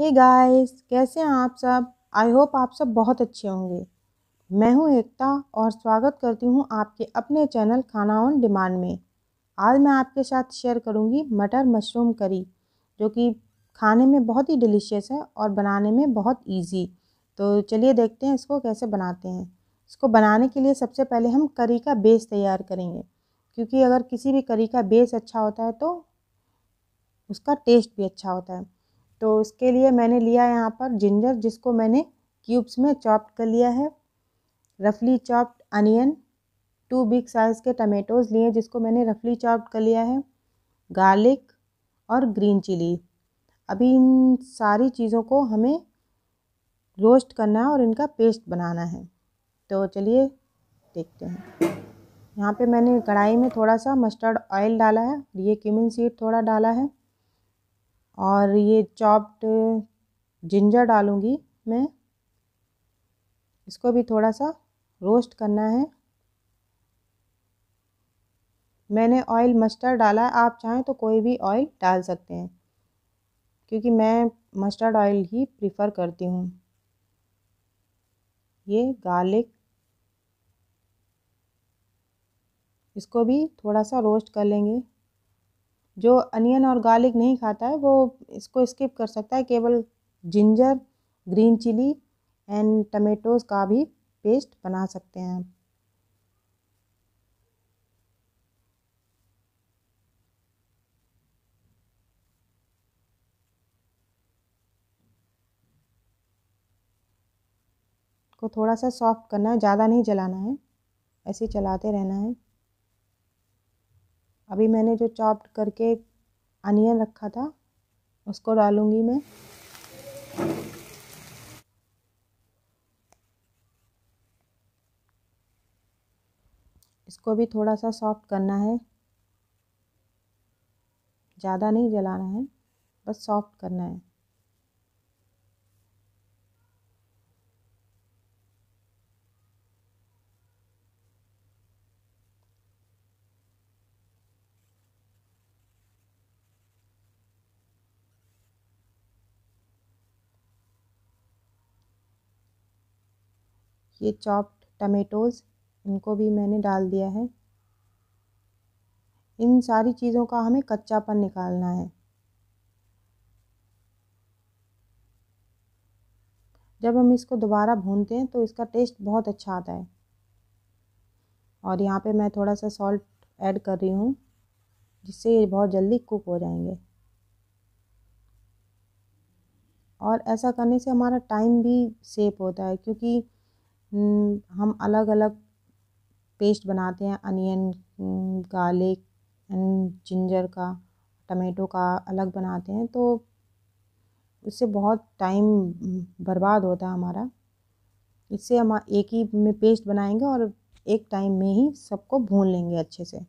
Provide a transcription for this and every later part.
हे hey guys कैसे हैं आप सब आई होप आप सब बहुत अच्छे होंगे मैं हूं एकता और स्वागत करती हूं आपके अपने चैनल खाना ऑन डिमांड में आज मैं आपके साथ शेयर करूंगी मटर मशरूम करी जो कि खाने में बहुत ही डिलीशियस है और बनाने में बहुत इजी तो चलिए देखते हैं इसको कैसे बनाते हैं इसको बनाने के लिए सबसे पहले हम करी का बेस तैयार करेंगे क्योंकि अगर किसी भी करी का बेस अच्छा होता है तो उसका टेस्ट भी अच्छा होता है तो इसके लिए मैंने लिया यहाँ पर जिंजर जिसको मैंने क्यूब्स में चॉप्ड कर लिया है रफली chopped onion two big size के टमेटोज़ लिए जिसको मैंने रफली चॉप्ड कर लिया है गार्लिक और ग्रीन चिली अभी इन सारी चीज़ों को हमें रोस्ट करना है और इनका पेस्ट बनाना है तो चलिए देखते हैं यहाँ पे मैंने कढ़ाई में थोड़ा सा मस्टर्ड ऑयल डाला है ये क्यूमिन सीड थोड़ा डाला है और ये चॉप्ड जिंजर डालूँगी मैं इसको भी थोड़ा सा रोस्ट करना है मैंने ऑयल मस्टर्ड डाला है आप चाहें तो कोई भी ऑयल डाल सकते हैं क्योंकि मैं मस्टर्ड ऑयल ही प्रिफ़र करती हूँ ये गार्लिक इसको भी थोड़ा सा रोस्ट कर लेंगे जो अनियन और गार्लिक नहीं खाता है वो इसको स्किप कर सकता है केवल ginger green chilli and tomatoes का भी पेस्ट बना सकते हैं को थोड़ा सा सॉफ्ट करना है ज़्यादा नहीं जलाना है ऐसे चलाते रहना है अभी मैंने जो चॉप्ड करके अनियन रखा था उसको डालूँगी मैं इसको भी थोड़ा सा सॉफ्ट करना है ज़्यादा नहीं जलाना है बस सॉफ्ट करना है ये चॉप्ड टमेटोज़ इनको भी मैंने डाल दिया है इन सारी चीज़ों का हमें कच्चापन निकालना है जब हम इसको दोबारा भूनते हैं तो इसका टेस्ट बहुत अच्छा आता है और यहाँ पे मैं थोड़ा सा सॉल्ट ऐड कर रही हूँ जिससे ये बहुत जल्दी कुक हो जाएंगे और ऐसा करने से हमारा टाइम भी सेव होता है क्योंकि हम्म, हम अलग अलग पेस्ट बनाते हैं onion hmm, garlic and ginger का टमेटो का अलग बनाते हैं तो उससे बहुत टाइम बर्बाद होता है हमारा इससे हम एक ही में पेस्ट बनाएंगे और एक टाइम में ही सबको भून लेंगे अच्छे से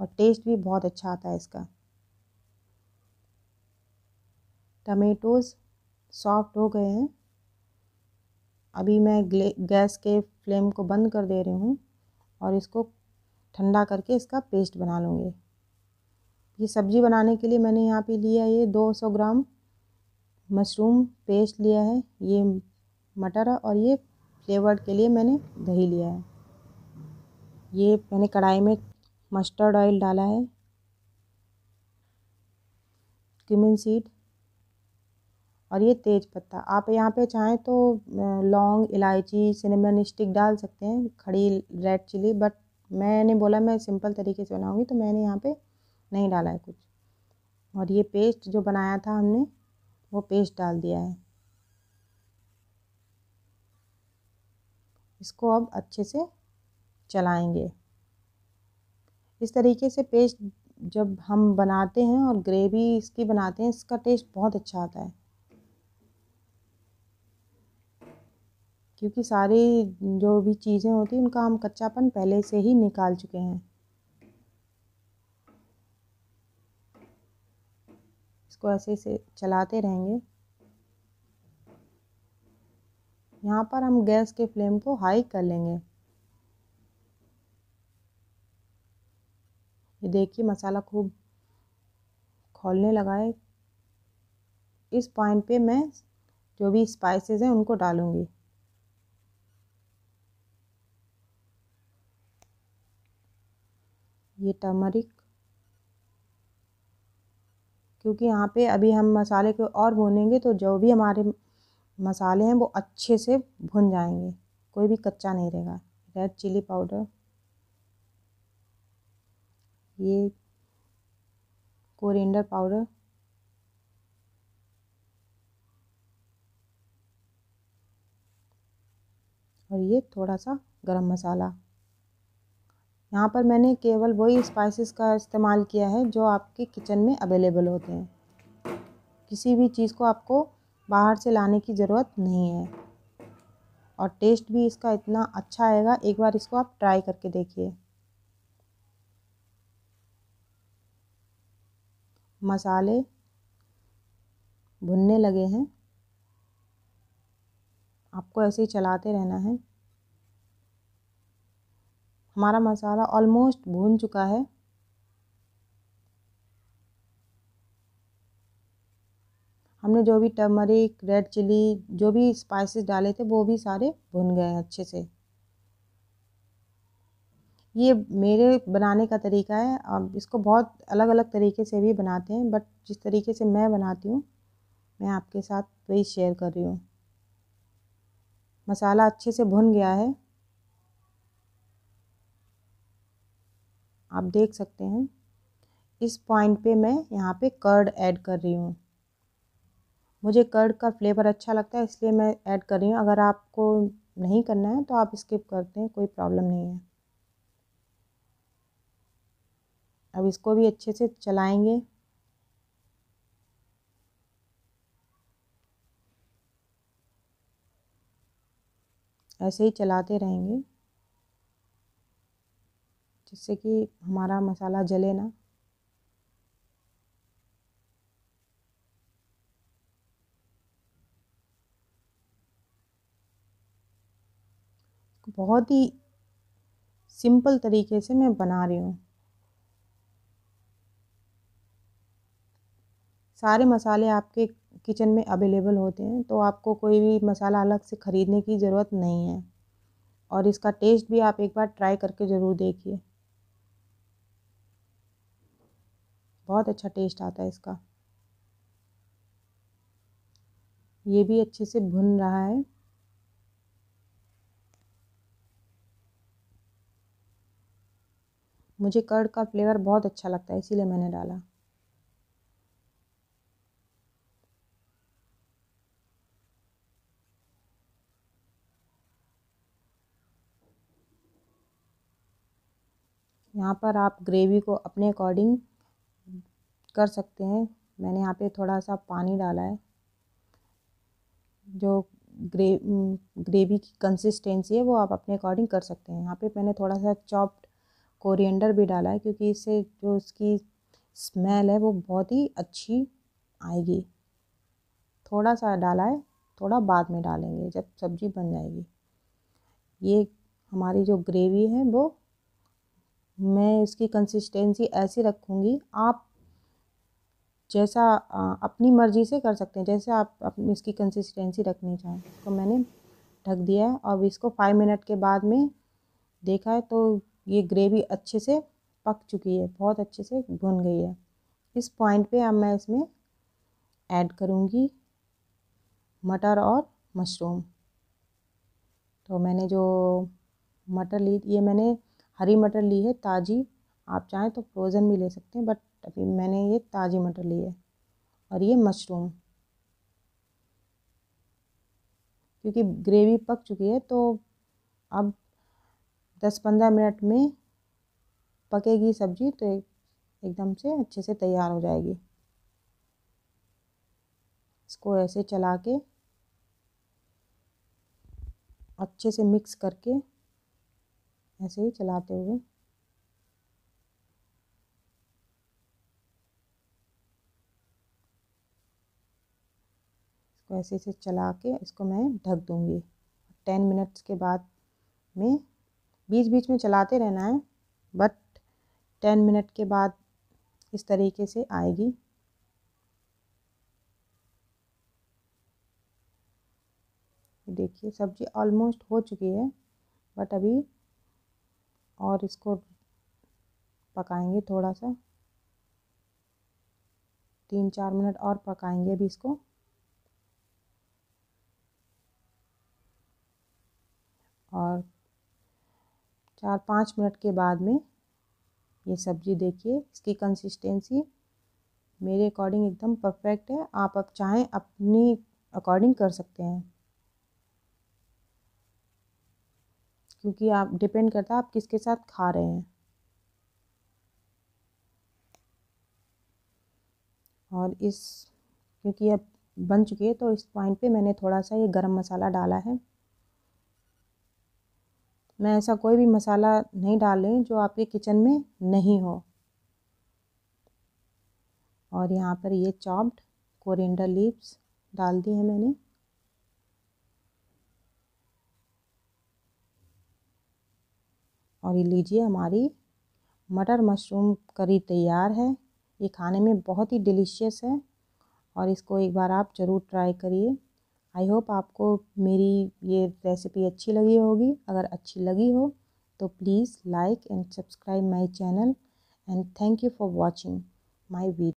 और टेस्ट भी बहुत अच्छा आता है इसका टमेटोज़ सॉफ्ट हो गए हैं अभी मैं गैस के फ्लेम को बंद कर दे रही हूँ और इसको ठंडा करके इसका पेस्ट बना लूँगी ये सब्ज़ी बनाने के लिए मैंने यहाँ पे लिया ये 200 ग्राम मशरूम पेस्ट लिया है ये मटर और ये फ्लेवर्ड के लिए मैंने दही लिया है ये मैंने कढ़ाई में मस्टर्ड ऑयल डाला है क्यूमिन सीड और ये तेज पत्ता आप यहाँ पे चाहें तो लौंग इलायची सिनेमन स्टिक डाल सकते हैं खड़ी रेड चिली बट मैंने बोला मैं सिंपल तरीके से बनाऊँगी तो मैंने यहाँ पे नहीं डाला है कुछ और ये पेस्ट जो बनाया था हमने वो पेस्ट डाल दिया है इसको अब अच्छे से चलाएंगे इस तरीके से पेस्ट जब हम बनाते हैं और ग्रेवी इसकी बनाते हैं इसका टेस्ट बहुत अच्छा आता है क्योंकि सारी जो भी चीज़ें होती हैं उनका हम कच्चापन पहले से ही निकाल चुके हैं इसको ऐसे से चलाते रहेंगे यहाँ पर हम गैस के फ्लेम को हाई कर लेंगे ये देखिए मसाला खूब खोलने लगा है इस पॉइंट पे मैं जो भी स्पाइसेस हैं उनको डालूँगी ये टर्मरिक क्योंकि यहाँ पे अभी हम मसाले को और भूनेंगे तो जो भी हमारे मसाले हैं वो अच्छे से भुन जाएंगे कोई भी कच्चा नहीं रहेगा रेड चिली पाउडर ये कोरिएंडर पाउडर और ये थोड़ा सा गरम मसाला यहाँ पर मैंने केवल वही स्पाइसेस का इस्तेमाल किया है जो आपके किचन में अवेलेबल होते हैं किसी भी चीज़ को आपको बाहर से लाने की ज़रूरत नहीं है और टेस्ट भी इसका इतना अच्छा आएगा एक बार इसको आप ट्राई करके देखिए मसाले भुनने लगे हैं आपको ऐसे ही चलाते रहना है हमारा मसाला ऑलमोस्ट भून चुका है हमने जो भी टर्मरिक रेड चिली जो भी स्पाइसेस डाले थे वो भी सारे भुन गए हैं अच्छे से ये मेरे बनाने का तरीका है अब इसको बहुत अलग अलग तरीके से भी बनाते हैं बट जिस तरीके से मैं बनाती हूँ मैं आपके साथ वही शेयर कर रही हूँ मसाला अच्छे से भुन गया है आप देख सकते हैं इस पॉइंट पे मैं यहाँ पे कर्ड ऐड कर रही हूँ मुझे कर्ड का फ्लेवर अच्छा लगता है इसलिए मैं ऐड कर रही हूँ अगर आपको नहीं करना है तो आप स्किप करते हैं कोई प्रॉब्लम नहीं है अब इसको भी अच्छे से चलाएंगे ऐसे ही चलाते रहेंगे जिससे कि हमारा मसाला जले ना बहुत ही सिंपल तरीके से मैं बना रही हूँ सारे मसाले आपके किचन में अवेलेबल होते हैं तो आपको कोई भी मसाला अलग से ख़रीदने की ज़रूरत नहीं है और इसका टेस्ट भी आप एक बार ट्राई करके ज़रूर देखिए बहुत अच्छा टेस्ट आता है इसका ये भी अच्छे से भुन रहा है मुझे कर्ड का फ्लेवर बहुत अच्छा लगता है इसीलिए मैंने डाला यहाँ पर आप ग्रेवी को अपने अकॉर्डिंग कर सकते हैं मैंने यहाँ पे थोड़ा सा पानी डाला है जो ग्रे ग्रेवी की कंसिस्टेंसी है वो आप अपने अकॉर्डिंग कर सकते हैं यहाँ पे मैंने थोड़ा सा चॉप्ड कोरिएंडर भी डाला है क्योंकि इससे जो उसकी स्मेल है वो बहुत ही अच्छी आएगी थोड़ा सा डाला है थोड़ा बाद में डालेंगे जब सब्ज़ी बन जाएगी ये हमारी जो ग्रेवी है वो मैं इसकी कंसिस्टेंसी ऐसी रखूँगी आप जैसा अपनी मर्ज़ी से कर सकते हैं जैसे आप अपनी इसकी कंसिस्टेंसी रखनी चाहें इसको तो मैंने ढक दिया है अब इसको फाइव मिनट के बाद में देखा है तो ये ग्रेवी अच्छे से पक चुकी है बहुत अच्छे से भुन गई है इस पॉइंट पे अब मैं इसमें ऐड करूँगी मटर और मशरूम तो मैंने जो मटर ली ये मैंने हरी मटर ली है ताज़ी आप चाहें तो फ्रोज़न भी ले सकते हैं बट अभी मैंने ये ताज़ी मटर ली है और ये मशरूम क्योंकि ग्रेवी पक चुकी है तो अब दस पंद्रह मिनट में पकेगी सब्ज़ी तो एक, एकदम से अच्छे से तैयार हो जाएगी इसको ऐसे चला के अच्छे से मिक्स करके ऐसे ही चलाते हुए इसको ऐसे से चला के इसको मैं ढक दूँगी टेन मिनट्स के बाद में बीच बीच में चलाते रहना है बट टेन मिनट के बाद इस तरीके से आएगी देखिए सब्ज़ी ऑलमोस्ट हो चुकी है बट अभी और इसको पकाएंगे थोड़ा सा तीन चार मिनट और पकाएंगे अभी इसको चार पाँच मिनट के बाद में ये सब्ज़ी देखिए इसकी कंसिस्टेंसी मेरे अकॉर्डिंग एकदम परफेक्ट है आप अब चाहें अपनी अकॉर्डिंग कर सकते हैं क्योंकि आप डिपेंड करता है आप किसके साथ खा रहे हैं और इस क्योंकि अब बन चुकी है तो इस पॉइंट पे मैंने थोड़ा सा ये गरम मसाला डाला है मैं ऐसा कोई भी मसाला नहीं डाल रही हूँ जो आपके किचन में नहीं हो और यहाँ पर ये चॉप्ड कोरिएंडर लीव्स डाल दी है मैंने और ये लीजिए हमारी मटर मशरूम करी तैयार है ये खाने में बहुत ही डिलीशियस है और इसको एक बार आप ज़रूर ट्राई करिए आई होप आपको मेरी ये रेसिपी अच्छी लगी होगी अगर अच्छी लगी हो तो please like and subscribe my channel and thank you for watching my video